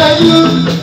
哎呦！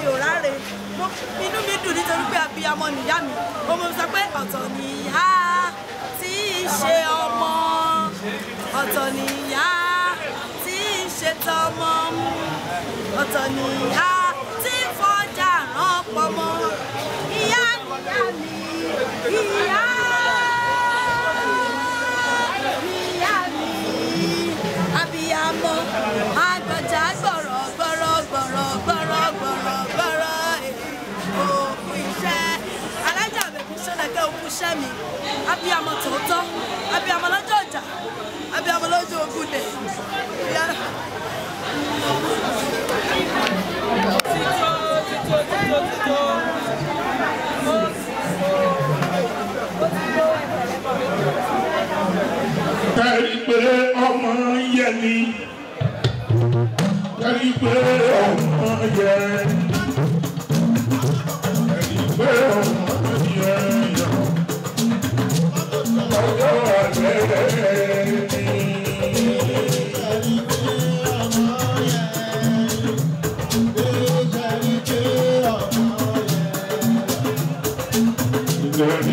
mi ò ráre mo inú mi dùn nítorí pé abiyamọ nìyá mi mo mọ sọ pé ọ̀tọ̀ nìyá tí í ṣe ọmọ ọ̀tọ̀ nìyá tí í ṣe tọmọ ọ̀tọ̀ nìyá tí fọjà ràn pọmọ ìyá nìyá mi ìyá. iṣẹ́ mi abiyamọ tòótọ́ abiyamọ lọ́jọ́ ọjà abiyamọ lọ́jọ́ ogun dẹ̀ yára. Ẹ̀rí pé ọmọ yẹ ni, ẹ̀rí pé ọmọ yẹ ni.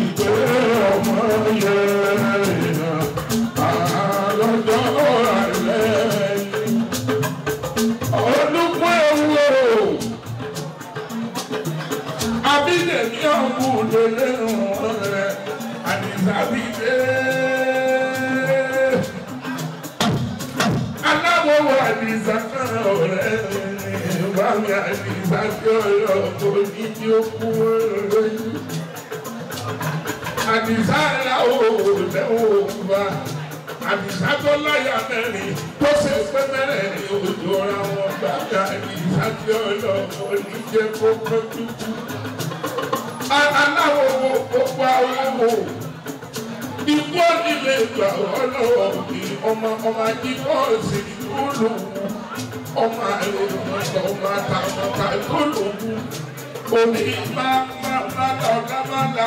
Yo, yo, yo, yo, yo, yo, yo, yo, àdìsá ńlá òòlù lẹ́wọ̀n bá àdìsá tó láyà mẹ́rin tó ṣe pé mẹ́rẹ̀ẹ̀rin òjò ra wọn gbàgbà àdìsá tí ọlọ́wọ́ oníjẹ kó pẹ́ tútù. aláwọ̀ wo gbogbo aláwọ̀ ikú ìlẹ̀ gbà wọ́n lọ́wọ́ mi ọmọ ọmọ ajíbọ́ọ̀sì ìkúlù ọmọ àlè ọmọ àtàwọn àtàkùn lòun omi máa máa máa ta ọ̀gá máa ta.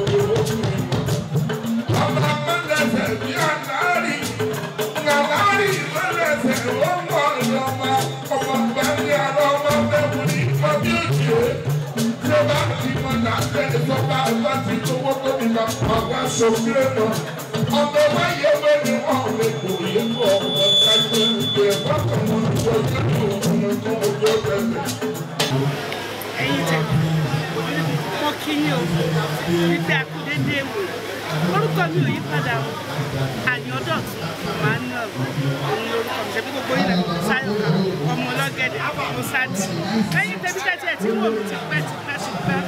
aṣòfin ẹ̀kọ́ ọmọ wáyé wọ́n ni wọ́n lè kò yé kọ́ ọmọ kájú ìgbé bọ́tọ̀ mọ́ ìjọ yẹ́tù ọmọ tó ń gbé bẹ́ẹ̀. ẹ̀yin mo orúkọ mi ò yí padà o àyọ̀dọ̀tún emmanuel òun lorúkọ mi ṣe bí gbogbo ilẹ̀ sáyọ̀ kan ọmọ ọlọ́gẹ̀dẹ̀ mo sáàdì lẹ́yìn tẹ́bítẹ́tì ẹ̀ tí wò mí ti pẹ́ ti pẹ́ ti pẹ́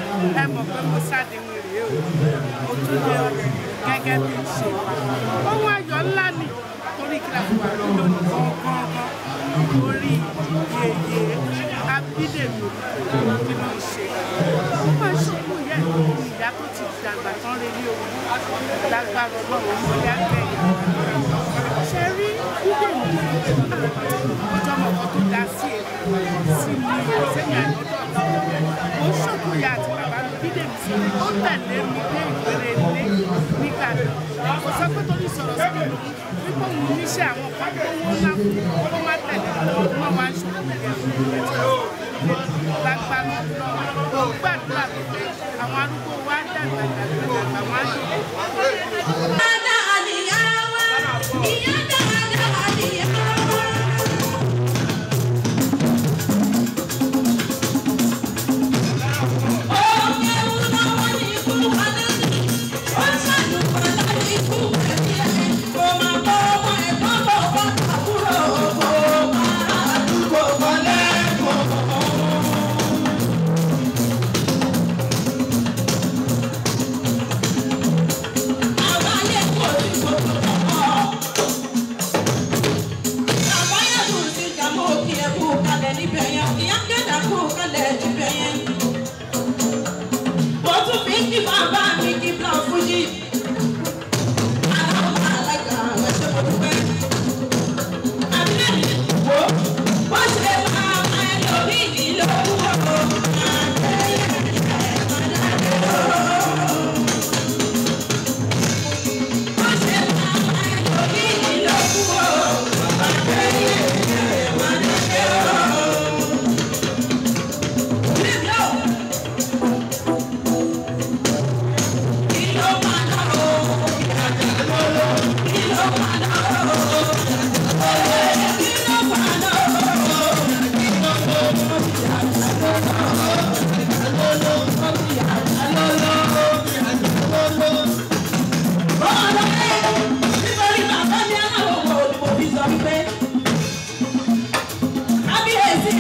ẹ mọ̀ pé mo sáàdì mi rèé o ó tún lé ọ̀rẹ́ gẹ́gẹ́ bí ṣe ohun ayọ̀ ńlá ni orí kí la fi wà lónìí gan orí yèyè abídèmí tí mo ń ṣe ó máa ṣokùn yẹn ẹ̀dá tó ti dàgbà tán lé ní owó lágbára ọlọ́run wọlé àgbẹ̀ ṣe rí wíwẹ̀ mú ọjọ́ mọ̀kàn tó dá sí èmi sí mi ò sẹ́yìn àìlọ́dọ̀ mo ṣòkòyà àti bàbá mi bídè mi sí ó tẹ̀lé mi dé ìpele ilé nígbà náà kò sọ pé torí sọ̀rọ̀ sọ̀rọ̀ lòun wípé òun níṣẹ́ àwọn kan tó wọ́n ńlá kó má tẹ̀lé ọdún máa wá ṣòro tẹ̀lé ọdún lágbára ọlọ́run ó gbàdúrà pé àwọn arúgbó. Thank tá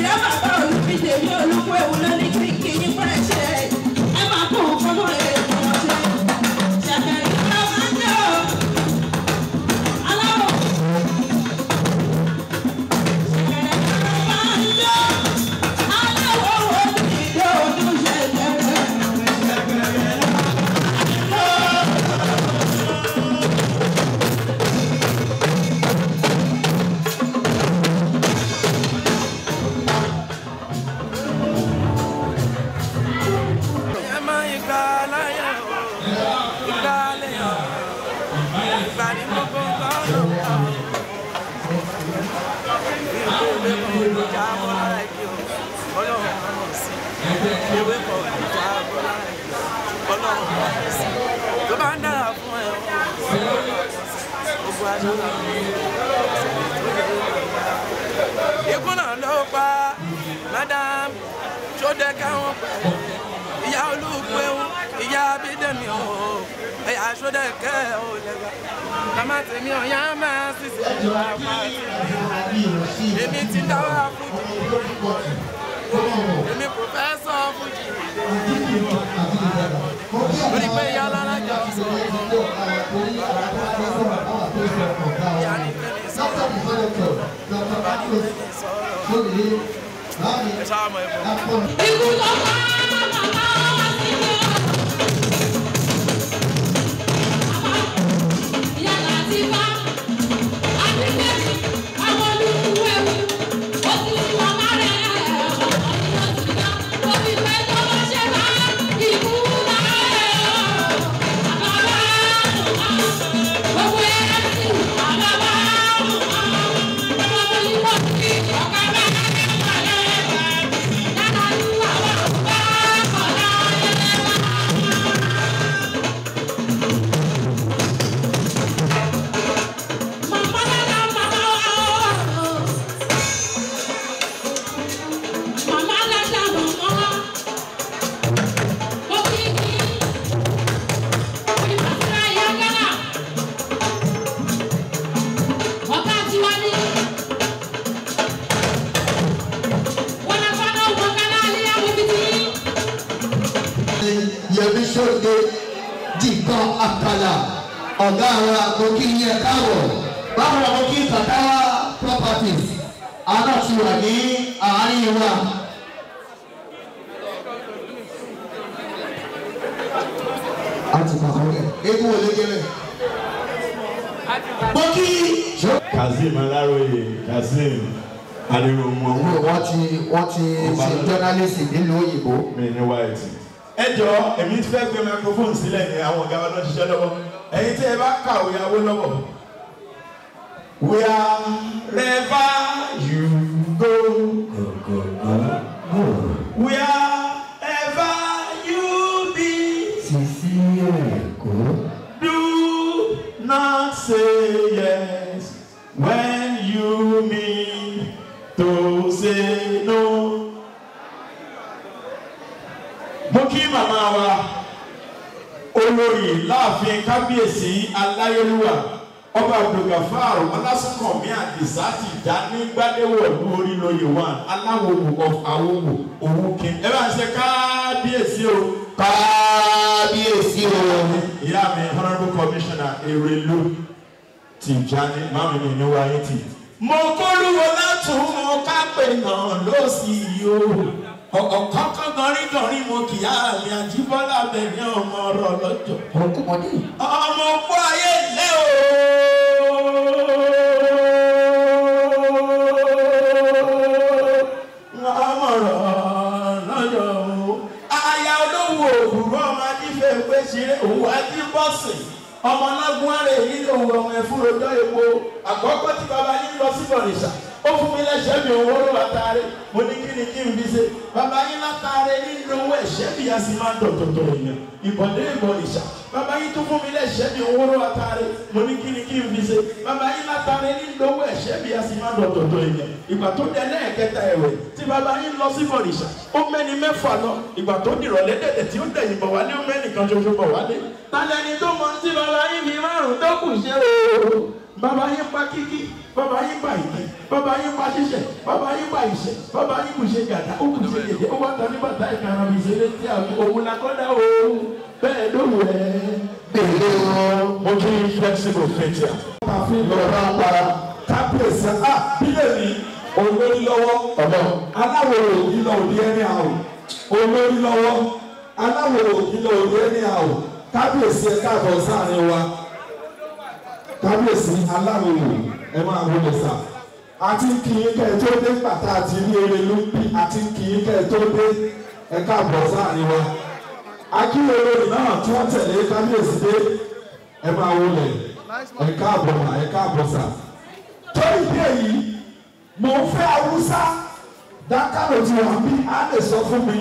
never ewé kọ ìjà bọ́lá ọlọ́run bá yẹ sí tó bá ń dára fún ẹ ogun ló pa madam tó káwọn pẹ̀lú ìyá olúkúẹ̀wò ìyá abídẹ́mi ọ̀hún àṣọdẹ̀kẹ́ òlẹ̀gà màmá tèmi ọ̀yá máa ṣiṣẹ́ ìwà pàtó èmi ti dáwọ́ fújì èmi pòfẹ́sọ̀ fújì lórí pé ìyá lára jọ sọ ìyá ní tẹ̀lé sọ̀rọ̀ ìyá ní tẹ̀lé àpàlà ọ̀gá àwọn àkókí ní ẹ̀ka àwọ̀ báwo la kókí Katawa properties aláṣùwà ní àárín wa. a ti kọ́ ọ́ Bọ́kí. Kazeem Aláròyé Kazeem ariwo wọ́n ti wọ́n ti ṣe jọ́nálìsì nílùú òyìnbó. mi ní wáìtì ẹ jọ èmi fẹ́ gbé microphone sílẹ̀ ní àwọn ọ̀gá wa náà ṣiṣẹ́ lọ́wọ́ ẹ̀yin tí ẹ bá kàwé Awólọ́wọ̀ wherever you go go go go. kábíyèsí aláyélúwà ọba abdulgafar ọlásùnkànmí àdìsá ti dá ní gbadéwọ ọdún orílọyè wa aláwòwò àwòwò òwò kí ẹ bá ń ṣe kábíyèsí o. kábíyèsí o. ìyá mi honourable commissioner erelu Tijani mami mi ni wáyé tì. mo kó lúwo látùmọ̀ kápẹ́ náà ló sì o ọ̀kọ́kọ́ gọrin gọrin mo kì í àmì àjíbọ́lá bẹ̀ni ọmọ ọ̀rọ̀ lọ́jọ́. ọkùnmọ́dé. ọmọ òkú ayé lé o. ọmọ ọlọ́gbọ́n rẹ̀ yìí lòun ọmọ ẹ̀fúrojọ́ epo àkọ́kọ́ tí baba yìí lọ sí bọ̀rìṣà ó fún mi lẹ́sẹ̀ mi owó ló wà tààrẹ mo ní kí ni kí n fi ṣe bàbá yín látàárẹ nínú owó ẹ̀ṣẹ̀ mi yá sí máa ń dọ̀tọ̀tọ̀ èèyàn ìbọ̀dé ìbọn ìṣà bàbá yín tún fún mi lẹ́sẹ̀ mi owó ló wà tààrẹ mo ní kí ni kí n fi ṣe bàbá yín látàárẹ nínú owó ẹ̀ṣẹ̀ mi yá sí máa ń dọ̀tọ̀tọ̀ èèyàn ìgbà tó dé lẹ́ẹ̀kẹta ẹ̀wẹ̀ tí bàbá yín lọ sí ìbọn ìṣà ó mẹ́ni mẹ́fà lọ ìgbà tó dìrọ̀lẹ́ dẹ̀dẹ̀ tí ó dẹ̀yìn bọ̀ wálé ó mẹ́ni kan ṣoṣo bọ̀ wálé tálẹ́ni tó mọ tí bàbá yín fi márùn-ún tó kù ṣe o bàbá yín pa kíkí bàbá yín pa ìdí bàbá yín pa ṣíṣẹ bàbá yín pa ìṣẹ bàbá yín kù ṣe gàdá ó kù ṣe gèdè ó wà tán ní bàtà ìkàrà mi ṣeré tí àwọn òun la kọ́dá o bẹ́ẹ̀ ló wù ẹ́. èdè wọn ojú flexible fẹ̀tìà. àfi lọ́ba para kábíyèsí a bílẹ̀ mi olórí lọ́wọ́ aláwòrán yìí lọ òdi ẹni àwò olórí lọ́wọ́ aláwòrán yìí lọ òdi ẹni àwò kábíyèsí ẹ káàbọ̀ sáàrin wa kábíyèsí aláwòrán ẹ máa wọlé sá àti kì í kẹ́ ẹ tó dé pàtà àti ilé eré lóbi àti kì í kẹ́ ẹ tó dé ẹ káàbọ̀ sáàrin wa akíyèlórí náà tí wọ́n tẹ̀lé kábíyèsí dé ẹ máa wọlé ẹ káàbọ̀ mà ẹ káàbọ̀ sá torí bí èyí mò ń fẹ́ awúsá dákàlò tí wọ́n bí á lè sọ fún mi.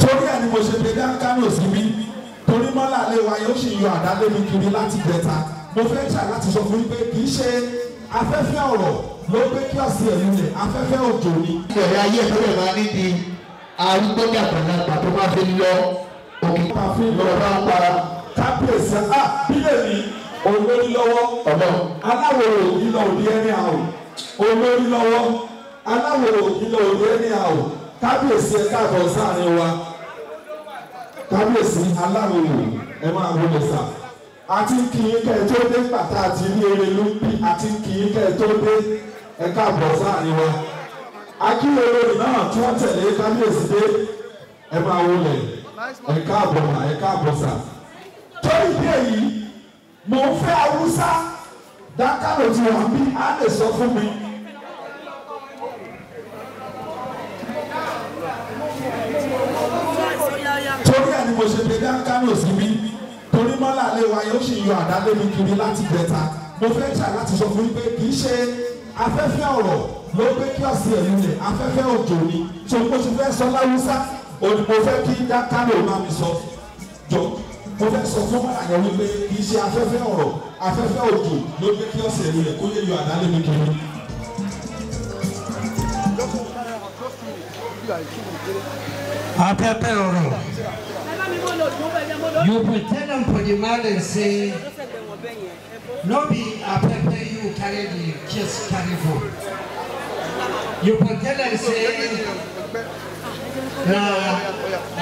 torí ẹni mo ṣe lè dá kánò sí mi torí mọ́là lé wa yóò ṣì yọ àdálé mi kiri láti gbẹ̀ta mo fẹ́ ṣà láti sọ fún yín pé kì í ṣe afẹ́fẹ́ ọ̀rọ̀ ló gbé kíọ̀sì ẹ̀yìn rẹ̀ afẹ́fẹ́ òjò ni. ìrọ̀lẹ́ ayé ìfẹ́lẹ̀ máa ní di arúgbó dàgbàlagbà tó máa fi lọ òkè. ó máa fi lọ bá ń para kábíyèsí á ah, bílẹ̀ mi olórí lọ́wọ́ ọ̀dọ́ aláwòrò yìí òdi ẹni àwò olórí lọ́wọ́ aláwòrò yìí òdi ẹni àwò kábíyèsí ẹ̀ káàbọ̀ sáàrin kábíyèsí aláwòrán ẹ máa wọlé sá àti kìí kẹ́ ẹ tó dé pàtà àti ní eré ló ń bí àti kìí kẹ́ ẹ tó dé ẹ káàbọ̀ sáàrin wa akíwèrè náà tí wọ́n tẹ̀lé kábíyèsí dé ẹ máa wọlé ẹ káàbọ̀ mà ẹ káàbọ̀ tó ìdí èyí mò ń fẹ́ Haúsá dákàlò tí wọ́n bí á lè sọ fún mi. ni mo ṣe lè dá Kánò síbí torí mọ́là lè wáyé ó sì yọ àdálé mi kiri láti gbẹ̀ta mo fẹ́ ṣà láti sọ fún yín pé kì í ṣe afẹ́fẹ́ ọ̀rọ̀ ló gbé kí ọ̀sìn ẹ̀ lulẹ̀ afẹ́fẹ́ òjò ni tó mo ti fẹ́ sọ láwùsá mo fẹ́ kí dá Kánò má mi sọ jọ mo fẹ́ sọ fún mọ́là yẹn wípé kì í ṣe afẹ́fẹ́ ọ̀rọ̀ afẹ́fẹ́ òjò ló gbé kí ọ̀sìn ẹ̀ lulẹ̀ kó lè yọ àdálé mi kiri. afẹ́fẹ́ ọ̀rọ̀. You will tell them for the man and say, "Nobi, I prepare you carry the kiss carry for. You will tell them say, uh,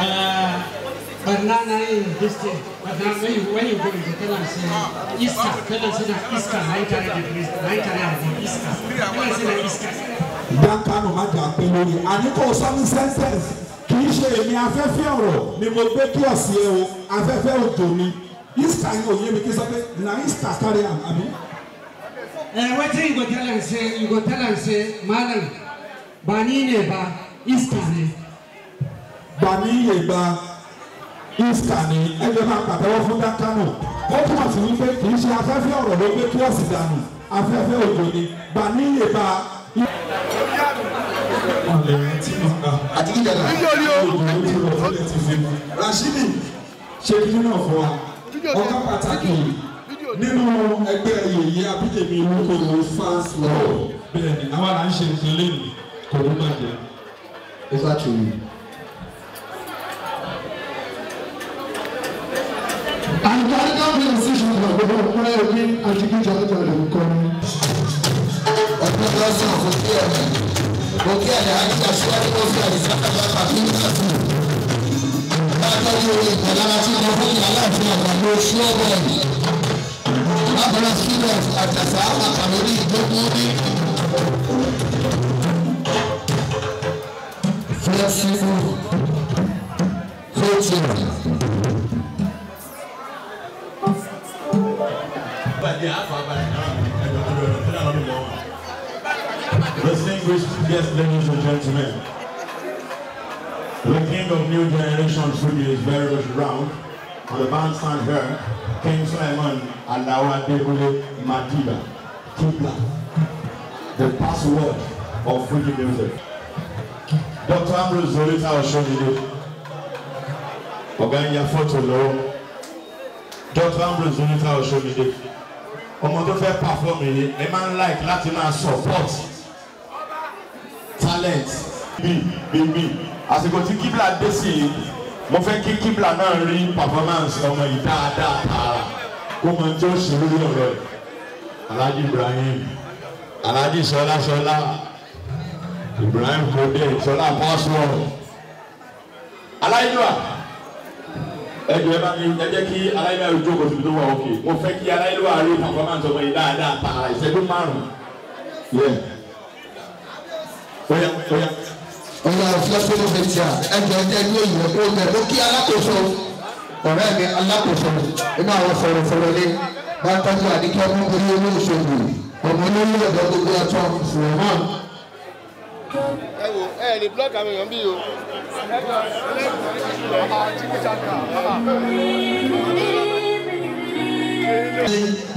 uh, banana in this thing. Banana, when you, when you go to tell them say, Iska, tell them say Iska, I carry the priest, I carry the Iska. Tell them say Iska. Bianca no matter, I need to some sense ṣe èmi afẹ́fẹ́ ọ̀rọ̀ ni mo gbé kí ọ̀sìn ẹ o afẹ́fẹ́ òjò ni ista yìí ò mi kí sọ pé na ista carry am àbí. ẹ wetin you go tell am say you go tell am say malam bani ne ba ista ne. bani ne ba ista ne ẹ lè máa pàtẹ́wọ́ fún dákánù ó túmọ̀ sí wípé kì í ṣe afẹ́fẹ́ ọ̀rọ̀ ló gbé kí ọ̀sìn dànù afẹ́fẹ́ òjò ni bani ne ba. Hallelujah àti kíkẹ́ náà. níjọ́ ni o. Rashidi ṣe kí náà fún wa ọ̀gá pàtàkì nínú ẹgbẹ́ yèyé abídèmí olókòwò fans law bẹ́ẹ̀ ni àwa là ń ṣe nǹkan lẹ́nu kò ní bàjẹ́. ó bá tù mí. àgbàdo bí o sì ṣe ìgbàgbọ́ pé ẹbí àti kíjà ọjà lè kọ́ ni. ọ̀pọ̀ lọ́sàn-án fún sí ẹ̀mí mo kí àlẹ́ àdìgbà síwájú mo fi àdìsá àgbà pàtó nígbà tó. Bákan ní orí ìpàlára tí mo fún ìyá láàfin àgbàdo sí ọgbà ẹ̀mí. Bákan sílẹ̀ àtàsá àkàlórí ìgbógun ní. Fẹ́síwò fẹ́tìrì. Bàdé àfọ̀ abalẹ̀ náà ẹ̀dọ̀ ọ̀dọ̀ ọ̀dọ̀ tó náà lọ́dún lọ́wọ́ distinguished guests, ladies and gentlemen. The king of new generation truly is very much round. On the bandstand here, King Simon Alawa Debule Madiba, Kibla, the password of Fuji music. Dr. Ambrose Zolita Oshomide, Oganya Fotolo, Dr. Ambrose Zolita Oshomide, ọmọ tó fẹ́ pàfọ́ọ̀mù yìí ẹ a man like láti máa support talent. bí bí bí àsìkò tí kíbla dé sí i mo fẹ́ kí kíbla náà rí performance ọmọ yìí dáadáa tààrà kó mọ tí ó ṣe lórí Alhaji Ibrahim Alhaji Ṣọlá Ṣọlá Ibrahim Kode Ṣọlá passport aláìlúwa ẹ jẹ́ bá mi ẹ jẹ́ kí aláìlúwa yóò jókòó síbi tó wà òkè mo fẹ́ kí aláìlúwa rí performance ọmọ yìí dáadáa tààrà ìṣẹ́jú márùn-ún ọ̀yà òfìlẹ́sọ̀ ló fẹ́ ti à ẹ̀jẹ̀ ẹ̀jẹ̀ ní òyìn ẹ̀kọ́ bẹ̀ ló kí alákòóso ọ̀rẹ́ mi alákòóso inú àwọn fọ̀rọ̀fọ̀rọ̀ lé bá tọ́jú àdìkẹ́ ọmọ orí owó ìṣòwò ọmọ olórí ọ̀dọ́ gbogbo ẹ̀tọ́ fùwọ́n. ẹ wo ẹ lè blọọkì àwọn èèyàn bí o.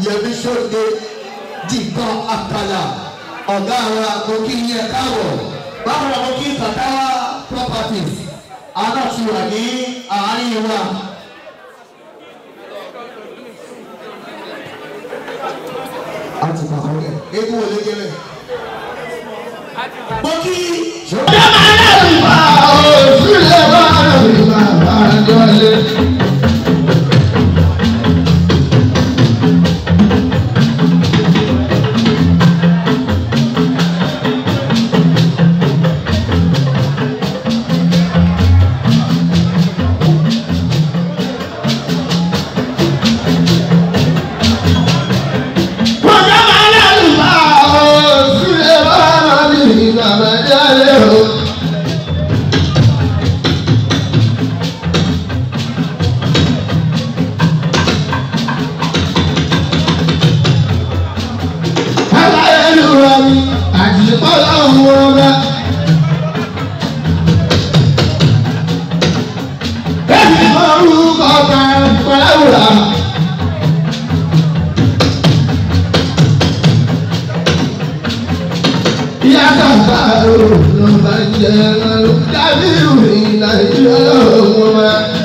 yẹmi sọ́dẹ̀ dìgbọ́n àkàlà ọ̀gá wa mo kí ní ẹ káàbọ̀ báwo la mo kí Tatawa properties aláṣùwà ní àárín wa. a ti bàbá rẹ̀ egun ò lè jẹ́ bẹ́ẹ̀. mo bàjẹ́ lọ́rùn kábírù ìlànà ìjọba.